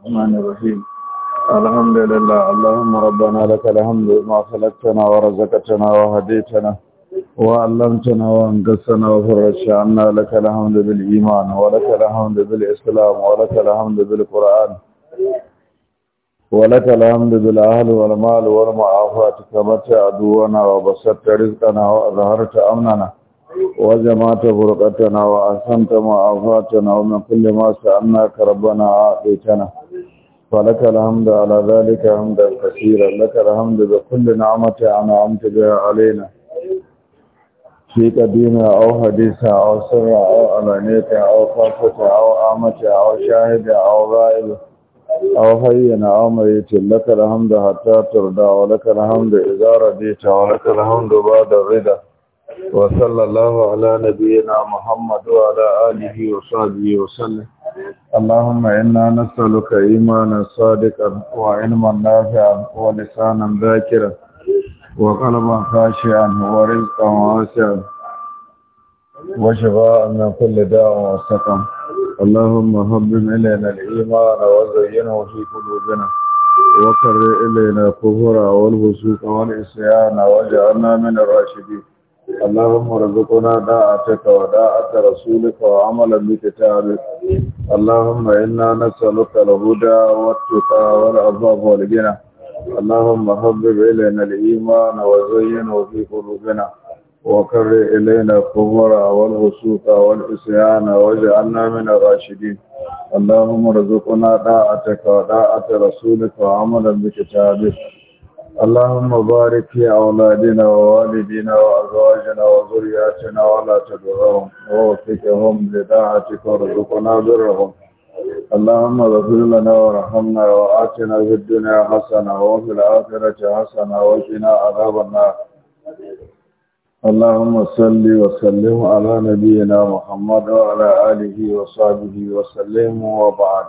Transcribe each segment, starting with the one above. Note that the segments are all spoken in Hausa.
الرحمن الرحيم الحمد لله اللهم ربنا لك الحمد ما خلقتنا ورزقتنا وهديتنا وعلمتنا وانقذتنا وفرجت عنا لك الحمد بالإيمان ولك الحمد بالإسلام ولك الحمد بالقرآن ولك الحمد بالأهل والمال والمعافاة كبت عدونا وبسطت رزقنا وأظهرت أمننا وجمعت فرقتنا وأحسنت معافاتنا ومن كل ما سألناك ربنا آتيتنا فلك الحمد على ذلك حمدا كثيرا لك الحمد بكل نعمة أنعمت بها علينا في قديمة أو حديثة أو سرة أو علانية أو خافة أو آمة أو شاهدة أو غائبة أو حينا أو ميت لك الحمد حتى ترضى ولك الحمد إذا رضيت ولك الحمد بعد الرضا وصلى الله على نبينا محمد وعلى آله وصحبه وسلم اللهم إنا نسألك إيمانا صادقا وعلما نافعا ولسانا ذاكرا وقلبا خاشعا ورزقا واسعا وشفاء من كل داء وسقم اللهم هبم إلينا الإيمان وزينه في قلوبنا وكر إلينا الكفر والفسوق والعصيان واجعلنا من الراشدين اللهم ارزقنا داعتك وداعة رسولك وعملا بكتابك اللهم إنا نسألك الهدى والتقى والعفاف والغنى اللهم حبب إلينا الإيمان وزينه في قلوبنا وكر إلينا الكفر والفسوق والعصيان واجعلنا من الراشدين اللهم ارزقنا طاعتك وطاعة رسولك وعملا بكتابك اللهم بارك في أولادنا ووالدنا وأزواجنا وذرياتنا ولا تدعوهم ووفقهم لداعتك ورزقنا ذرهم اللهم اغفر لنا وارحمنا وآتنا في الدنيا حسنة وفي الآخرة حسنة وقنا عذاب النار اللهم صل وسلم على نبينا محمد وعلى آله وصحبه وسلم وبعد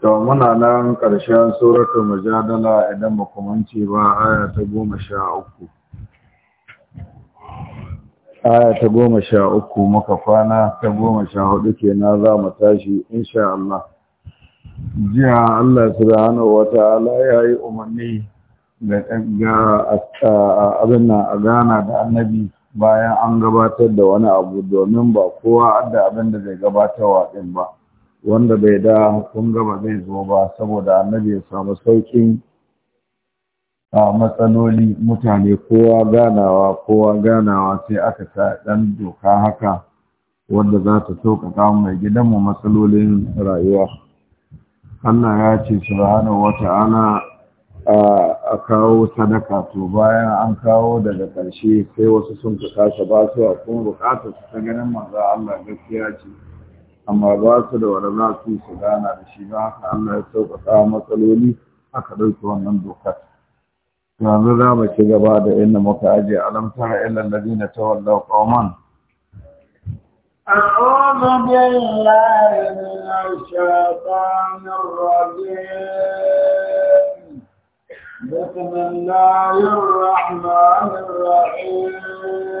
to muna nan ƙarshen suratul mujadala idan ba kumanci ba aya ta goma sha uku aya ta goma sha muka kwana ta goma sha hudu kenan za mu tashi insha Allah jiya Allah subhanahu wata'ala ya yi umarni da ga abin nan a gana da annabi bayan an gabatar da wani abu domin ba kowa adda abin da zai gabatarwa din ba wanda bai da kun gaba zai zo ba saboda annabi ya samu sauƙin a matsaloli mutane kowa ganawa kowa ganawa sai aka sa ɗan doka haka wanda za ta sauƙaƙa mai gidanmu matsalolin rayuwa Allah ya ce subhanahu wata'ala a kawo sadaka to bayan an kawo daga ƙarshe sai wasu sun kasa ba su a kuma buƙatar su ta ganin manzo Allah gaskiya ce amma ba su da wani za su su gana da shi don haka Allah ya sauƙaƙa matsaloli aka ɗauki wannan dokar yanzu za mu ci gaba da inda muka aje alamtara ilal ladina tawallaw qauman أعوذ بالله من الشيطان الرجيم بسم الله الرحمن الرحيم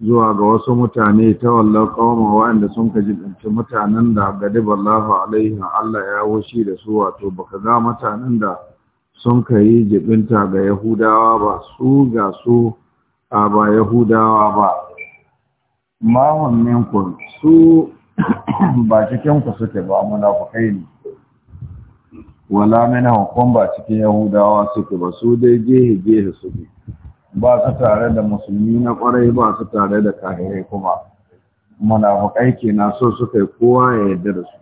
zuwa ga wasu mutane ta wallar kawoma waɗanda sun ka jibinci mutanen da gadiballahu alaihi Allah ya wushi da su wato baka ga mutanen da sun ka yi jibinta ga Yahudawa ba su ga su a ba Yahudawa ba mahun ku su ba cikinku suke ba munafukai ne wala mina hukum ba cikin Yahudawa suke ba su dai gehe gehe suke ba su tare da musulmi na kwarai ba su tare da kahirai kuma munafukai na so suka yi kowa ya yarda da su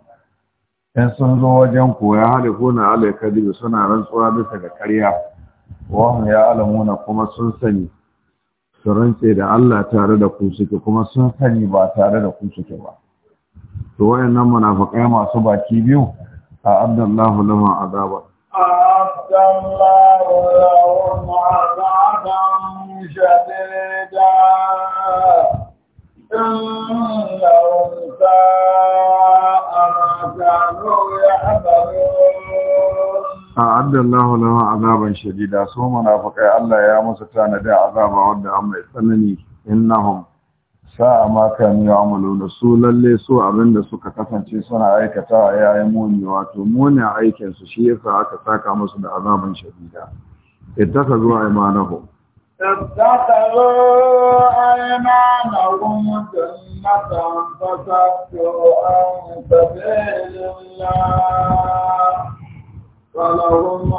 in sun zo wajen koya halifuna alai kadibi suna rantsuwa bisa ga karya wahun ya alamuna kuma sun sani su rantse da Allah tare da ku suke kuma sun sani ba tare da ku suke ba to wayannan munafukai masu baki biyu a abdallahu lahum azaba a'adallahu lahu azaban shadida su munafakai Allah ya musu tanadi azaba wanda an mai tsanani innahum sa'a ma kanu ya'maluna su lalle su abinda suka kasance suna aikata a yayin muni wato muni aikin su shi yasa aka saka musu da azaban shadida ittakazu aymanahum اتخذوا أيمانهم جنة فصدوا عن سبيل فلهم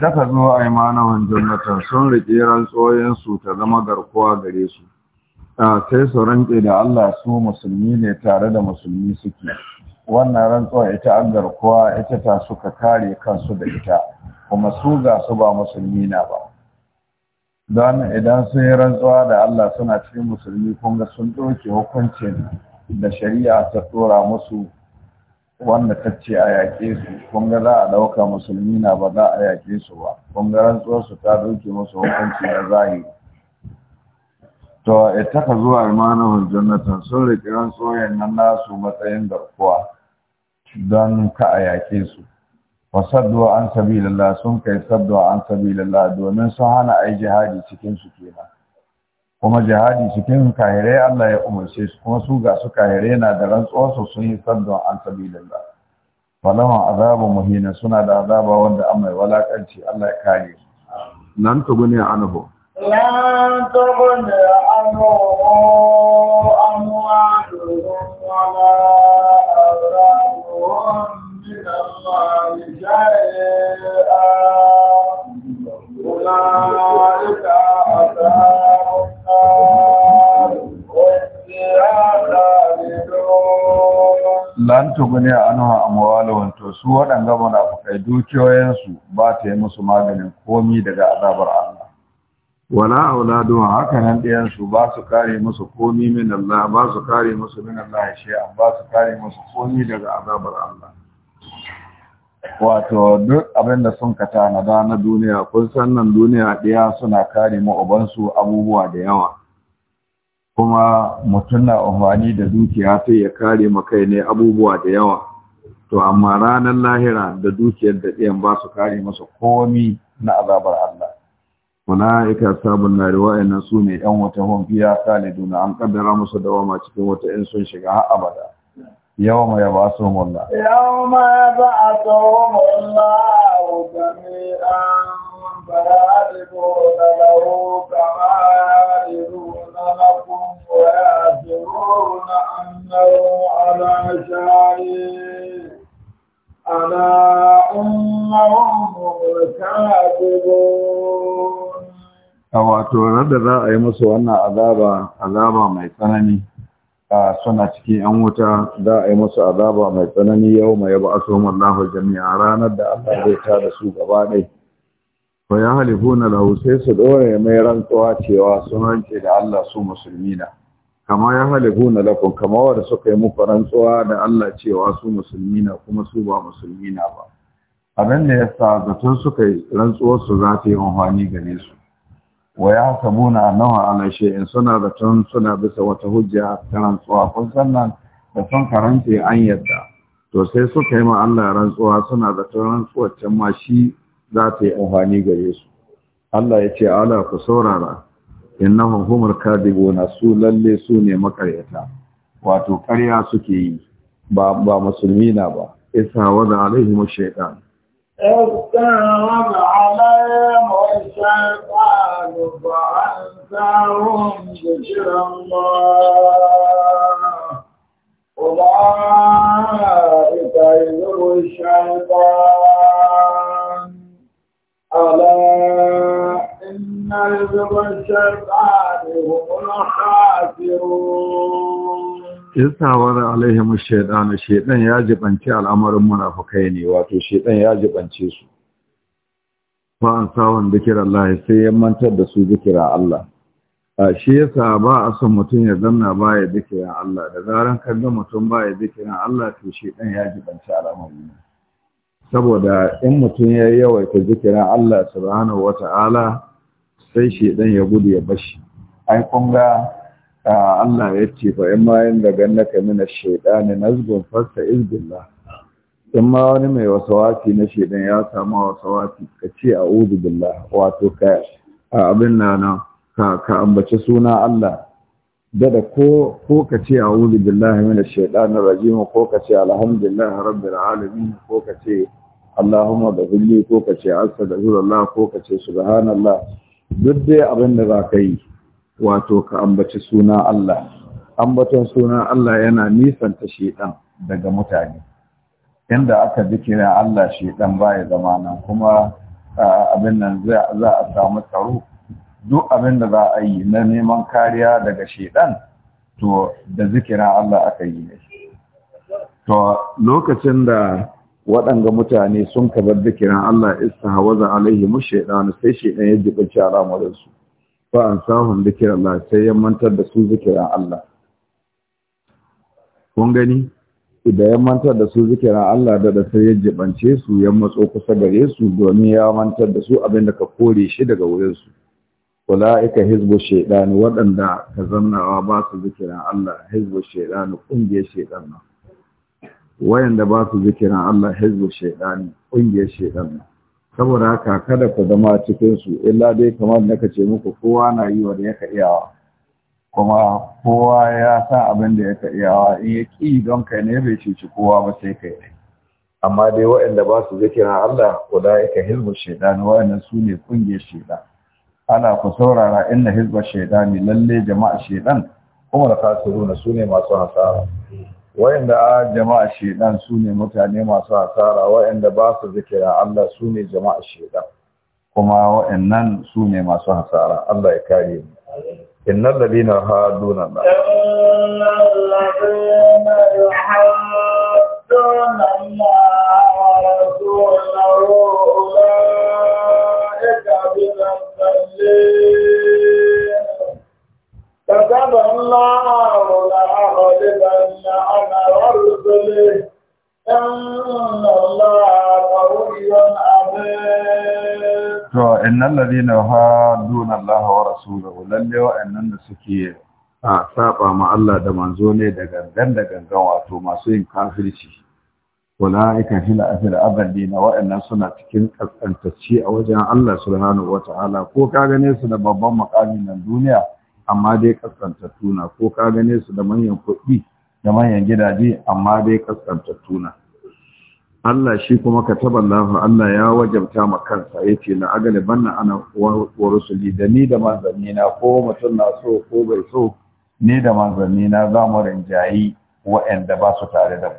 zo a yi aymanahum jannatan sun riƙe rantsoyin ta zama garkuwa gare su sai su rantse da Allah su musulmi ne tare da musulmi suke wannan rantsuwa ita an garkuwa ita ta suka kare kansu da ita kuma su ga su ba musulmi na ba don idan sun yi rantsuwa da Allah suna cikin musulmi kunga sun ɗauke hukuncin da shari'a ta tsora musu wanda ta ce a yaƙe su kunga za a ɗauka musulmi na ba za a yaƙe su ba kunga rantsuwarsu ta doke musu hukunci na zahiri to ita ka zuwa imanin hujjannatan sun riƙe rantsuwar nan nasu matsayin garkuwa don ka a yaƙe su sadduwa an lalla sun kai sadduwa an lalla domin sun hana ai jihadi cikin su kenan kuma jihadi cikin kahire Allah ya umarce su kuma su ga su kahire na da rantsuwarsu sun yi sabdon an sabilillah falama azabu muhina suna da azaba wanda an mai walakanci Allah ya kare su nan tugune anhu lan tugune anhu amwaluhum A tugune a amwaluhum to su waɗanga fukai dukiyoyinsu ba ta yi musu maganin komi daga azabar Allah wala auladuhum haka nan ɗiyansu ba su kare musu komi min Allah ba su kare musu min Allah shay'an ba su kare musu komi daga azabar Allah wato duk abin da sun ka tanada na duniya kun san nan duniya ɗaya suna kare ma ubansu abubuwa da yawa kuma mutum na amfani da dukiya ta ya kare kai ne abubuwa da yawa to amma ranar lahira da dukiyar da ɗiyan ba su kare masa komi na azabar Allah mala'ika sabon na riwaya su ne yan wata honfiya duna an kaddara musu wama cikin wata in sun shiga har abada يوم يبعثهم الله يوم يبعثهم الله جميعا فيعرفون له كما يعرفون لكم ويعترون أنهم على شيء ألا أمهم الكاذبون wato da za a yi musu wannan azaba azaba mai tsanani a suna cikin yan wuta za a yi musu azaba mai tsanani yau mai yaba asomallahu jami'a ranar da Allah zai tada su gaba ɗaya fa ya halifuna lahu sai su dore mai rantsuwa cewa sun rance da Allah su musulmi na kama ya halifuna lakum kama wanda suka yi muku rantsuwa da Allah cewa su musulmi na kuma su ba musulmi na ba abin da ya yasa zaton suka yi rantsuwar su za ta yi amfani gare su wa ya nawa annahu ala shay'in suna zaton suna bisa wata hujja ta rantsuwa kun san nan da sun karanta an yadda to sai suka yi ma Allah rantsuwa suna zaton rantsuwar can ma shi za ta yi amfani gare su Allah ya ce ala ku saurara innahum humul na su lalle su ne makaryata wato karya suke yi ba ba musulmi na ba isa wada alaihim shaytan استعرض عليهم الشيطان فأنساهم ذكر الله أولئك يذر الشيطان الحزب الشيطان هم الخاسرون ya jibanci al'amarin munafukai ne wato shaidan ya jibanci su fa an sawon zikir Allah sai ya mantar da su zikira Allah a shi yasa ba a son mutum ya zanna ba ya zikira Allah da zaran kan mutum ba ya zikira Allah to shaidan ya jibanci al'amarin saboda in mutum ya yawaita zikira Allah subhanahu wata'ala sai shedan ya gudu ya bashi ai kunga Allah ya ce fa in ma yin na kai min ash na nazgun fasta izbillah in ma wani mai wasawati na shedan ya samu wasawati ka ce a'udhu billah wato ka abin nan ka ka ambaci suna Allah dada ko ko ka ce a'udhu billahi minash shaitanir rajim ko ka ce alhamdulillahi rabbil alamin ko ka ce Allahumma da hulli ko ka ce astaghfirullah ko ka ce subhanallah duk dai abin da za ka yi wato ka ambaci suna Allah ambaton suna Allah yana nisanta shedan daga mutane inda aka zikira Allah shedan baya zama nan kuma abin nan za a samu tsaro duk abin da za a yi na neman kariya daga shedan to da zikira Allah aka yi ne to lokacin da waɗanga mutane sun kabar da kiran Allah laihi alaihi mushaidanu sai shaidan ya jibanci al'amuransu, su sahun zikiran Allah sai ya mantar da su zikiran Allah kun gani idan ya mantar da su zikiran Allah da sai ya jibance su ya matso kusa gare su domin ya mantar da su abin da ka kore shi daga wurin su ulaika hizbu shaiɗanu waɗanda ka zannawa ba su zikiran Allah hizbu shaiɗanu ƙungiyar shaidan nan wayanda ba su zikirin Allah hezbo shaidani ƙungiyar shaidan saboda haka kada ku zama cikin illa dai kamar da kace muku kowa na yi wanda yaka iyawa kuma kowa ya san abin da yaka iyawa in ya ki don kai ne bai cuci kowa ba sai kai ne amma dai waɗanda ba su zikirin Allah ulaika hizbu shaidan waɗannan su ne ƙungiyar shaidan ana ku saurara inna hezbo shaidani lalle jama'a shaidan kuma da na su ne masu hasara wayanda a jama'a shaidan su ne mutane masu hasara wayanda ba su zikira Allah su ne jama'a shaidan kuma wayannan su ne masu hasara Allah ya kare mu Inna ladina haduna la innal ladina Allah innal ladina duna Allah wa rasulahu lalle wa'annan da suke a saba ma Allah da manzo ne da gangan da gangan wato masu yin kafirci ulaika fil afil abadin wa'annan suna cikin kaskantacci a wajen Allah subhanahu wata'ala ko ka gane su da babban makami nan duniya amma dai kaskantattu na ko ka gane su da manyan kuɗi da manyan gidaje amma dai kaskantattu Allah shi kuma ka taballahu Allah ya wajabta ma kansa yace na agaliban banna ana wa rusuli da ni da manzanni na ko mutum na so ko bai so ni da manzanni na za mu rinjayi wa'anda ba su tare da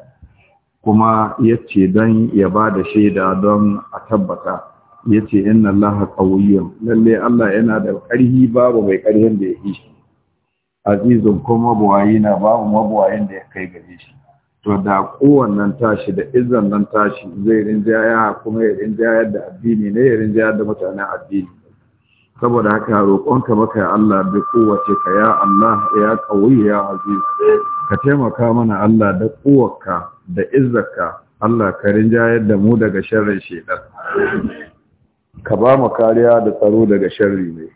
kuma kuma ce don ya ba da shaida don a tabbata Ya yace inna Allah qawiyyun lalle Allah yana da ƙarfi babu mai karhin da ya yi shi azizun kuma mabuwayi na babu mabuwayin da ya kai gare shi to da kowannan tashi da izan nan tashi zai rinjaya kuma ya rinjayar da addini ne ya rinjayar da mutanen addini saboda haka roƙonka maka ya Allah bi kowace ka ya Allah ya kawai ya aziz ka taimaka mana Allah da kowarka da izzarka Allah ka rinjayar da mu daga sharrin shedan ka ba mu kariya da tsaro daga sharri ne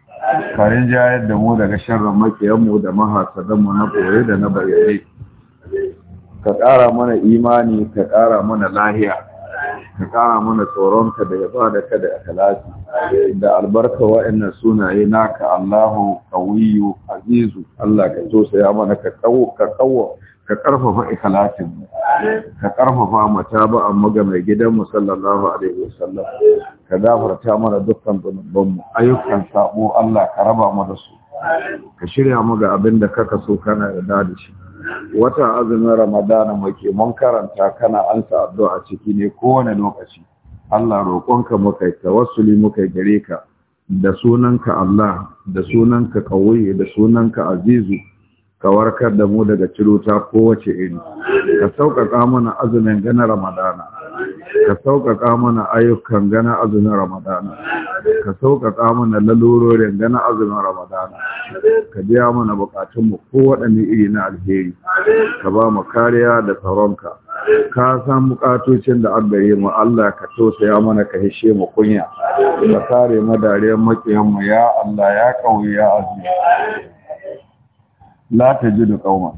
ka rinjayar da mu daga sharrin makiyanmu da mahasadanmu na koye da na bayyane ka ƙara mana imani ka ƙara mana lahiya ka ƙara mana tsoronka da ya ba da ka da akalati da albarka wa'annan sunaye naka Allahu kawiyu azizu Allah ka so saya mana ka ƙawo ka ƙawo ka ƙarfafa ikalatin ka ƙarfafa mata ba a maga mai gidan mu sallallahu alaihi wasallam ka gafarta mana dukkan zunubanmu ayyukan sabo Allah ka raba mu su ka shirya mu ga abin da kaka so kana da dadi shi watan azumin ramadana muke mun karanta kana ansa addu'a ciki ne kowane lokaci Allah roƙonka muka yi tawassuli muka gare ka da sunanka Allah da sunanka kawai da sunanka azizu ka warkar da mu daga cirota kowace iri ka sauƙaƙa mana azumin gana ramadana ka sauƙaƙa mana ayyukan gana azumin ramadana ka sauƙaƙa mana lalurorin gana azumin ramadana ka biya mana buƙatunmu ko waɗanne iri na alheri ka ba mu kariya da tsaronka ka san buƙatocin da an gare mu Allah ka tausaya mana ka hishe mu kunya ka kare mu dariyar makiyan mu ya Allah ya kauye ya azu la tajidu qauman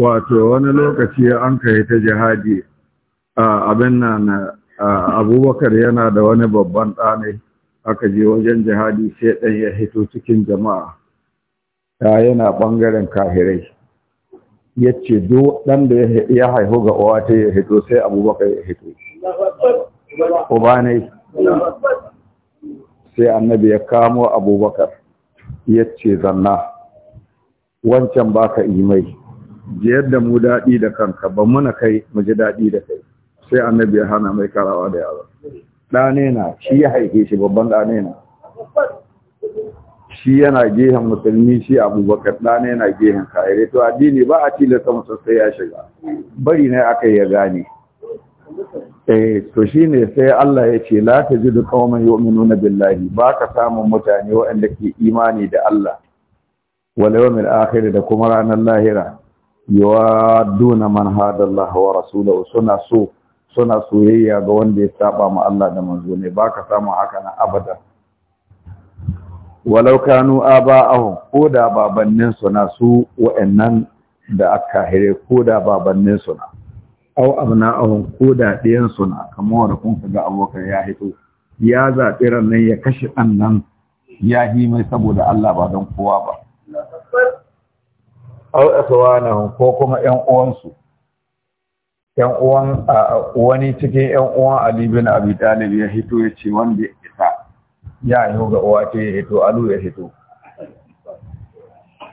wato wani lokaci an kai ta jihadi abin abubakar yana da wani babban ɗa aka je wajen jihadi sai ɗan ya hito cikin jama'a ya yana ɓangaren kahirai ya ce ɗan da ya haihu ga uwa ta ya hito sai abubakar ya hito Ubanai, sai annabi ya kamo abubakar ya ce zanna wancan ba ka yi mai da mu daɗi da kanka ba muna kai mu ji daɗi da kai sai annabi ya hana mai karawa da yaro ɗane shi ya haife shi babban ɗane shi yana gehen musulmi shi abubakar ɗana yana gehen kayare to addini ba a tilasta mutum sai ya shiga bari ne aka ya gane eh to shine sai Allah ya ce la tajidu qauman yu'minuna billahi ba ka samun mutane waɗanda ke imani da Allah wal yawmil akhir da kuma ranar lahira yuwadduna man hadallaha wa rasuluhu suna so suna soyayya ga wanda ya saba ma Allah da manzo ne ba ka samun haka na abada walau kanu aba'ahum ko da babannin su na su wa'annan da aka hire ko da babannin su na aw abna'ahum ko da ɗiyan su na kamar wanda kun ga abokan ya hito ya zaɓi rannan ya kashe ɗan nan ya yi mai saboda Allah ba don kowa ba aw aswanahum ko kuma ƴan uwansu ƴan uwan wani cikin ‘yan uwan Ali bin Abi Talib ya hito ya ce wanda ya yi ga uwa ce ya hito alu ya hito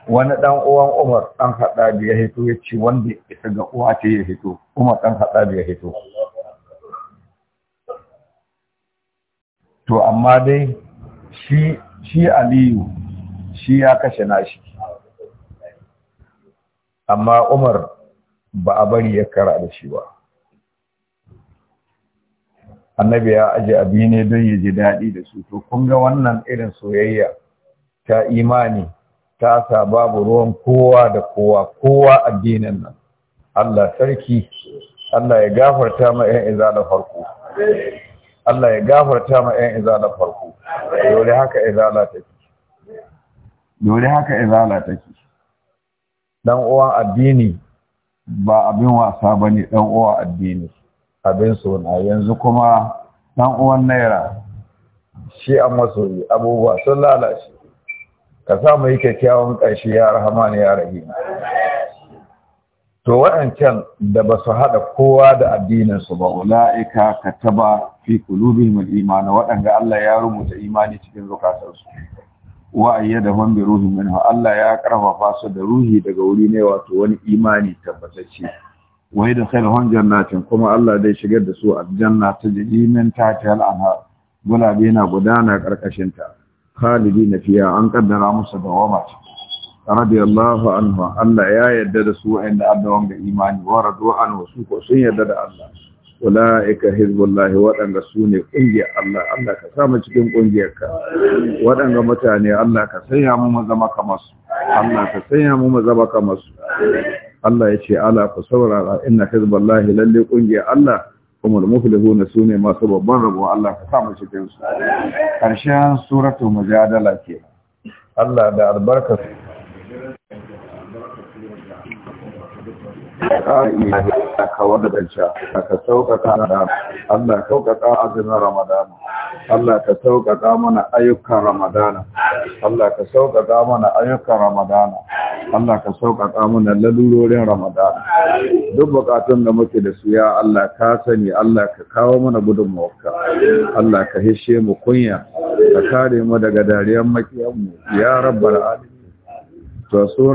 wani dan uwan umar dan haɗabi ya hito ya ce wanda ya isa ga uwa ce ya hito umar dan haɗabi ya hito to amma dai shi shi aliyu shi ya kashe nashi amma umar ba a bari ya kara da shi ba annabi ya aje abi ne don ya ji daɗi da su to kun ga wannan irin soyayya ta imani ta sa babu ruwan kowa da kowa kowa addinin nan Allah sarki Allah ya gafarta ma ƴan da farko Allah ya gafarta ma ƴan da farko dole haka izala take dole haka izala take dan uwan addini ba abin wasa bane dan uwa addini abin na yanzu kuma ɗan uwan naira shi an masoyi abubuwa sun lalace ka samu yi kyakkyawan ƙarshe ya rahama ne ya rahima to waɗancan da ba su haɗa kowa da addininsu ba ula'ika ka taba fi kulubi mai imani waɗanda Allah ya rubuta imani cikin zukatarsu wa ayyadahum bi ruhi minhu Allah ya karfafa su da ruhi daga wuri ne wato wani imani tabbatacce wai yi da khairahun jannatin kuma Allah zai shigar da su janna ta jihimin tatiyar anhar gulabe na gudana ta. khalidi na fiya an kaddara musu da wama ce radiyallahu anhu Allah ya yarda da su inda Allah wanda imani wa radu an wasu ko sun yarda da Allah ula'ika hizbullahi waɗanda su ne ƙungiyar Allah Allah ka samu cikin ka. waɗanda mutane Allah ka sanya mu mu zama kamar su Allah ka sanya mu mu zama kamar su Allah ya ce ala ku saurara inna hizballahi lalle kungiya Allah kuma al-muflihun sune masu babban rabo Allah ka samu cikin su karshen suratul mujadala ke Allah da albarka ka sauƙaƙa da Allah sauƙaƙa azumin Ramadana Allah ka sauƙaƙa mana ayyukan Ramadana Allah ka sauƙaƙa mana ayyukan Ramadana Allah ka sauƙaƙa mana lalurorin Ramadan duk buƙatun da muke da su ya Allah ka sani Allah ka kawo mana gudun mawaka. Allah ka hishe mu kunya ka kare mu daga dariyar makiyanmu, ya rabbal alamin